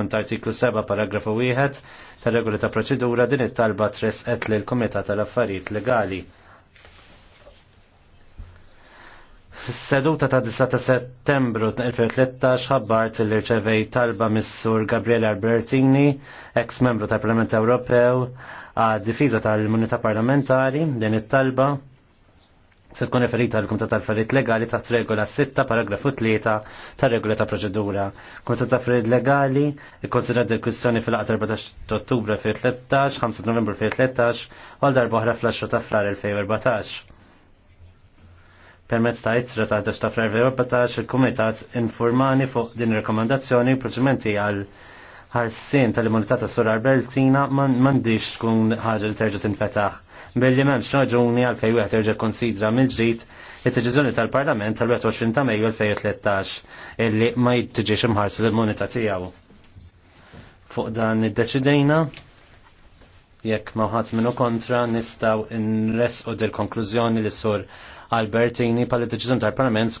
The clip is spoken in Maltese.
Kont artiklu 7 paragrafu 1 tal regoli ta' proċedura din it-talba tresqet lil kumitat tal-Affarijiet Legali. Fis-seduta ta' 9 settembru 2013 ħabbart li rċevej talba mis-sur Gabriele Albertini, ex-membru tal-Parlament Ewropew, għad difiża tal-Immunità Parlamentari din it-talba se tkun referita għal kumitat tal-affarijiet legali taħt regola 6 paragrafu 3 ta' regola ta' proċedura. Kumitat tal-affarijiet legali ikkonsidra d kwistjoni fil-4 14 Ottubru 2013, 5 Novembru 2013 u għal darba oħra fl-10 ta' frar 2014. Permezz ta' itra ta' 10 ta' frar 2014 il-kumitat informani fuq din rekomendazzjoni proċimenti għal ħarsin tal-immunità ta' Sur Albertina m'għandix tkun ħaġa li terġa' tinfetaħ. Billi m'hemmx raġuni għalfejn wieħed terġa' konsidra mill-ġdid it-deċiżjoni tal-Parlament tal-21 ta' Mejju 2013 illi ma jittiġiex imħarsu l-immunità tiegħu. Fuq dan iddeċidejna, jekk ma ħadd minnu kontra nistgħu nresqu dil-konklużjoni li sur Albertini pal deċiżjoni tal-Parlament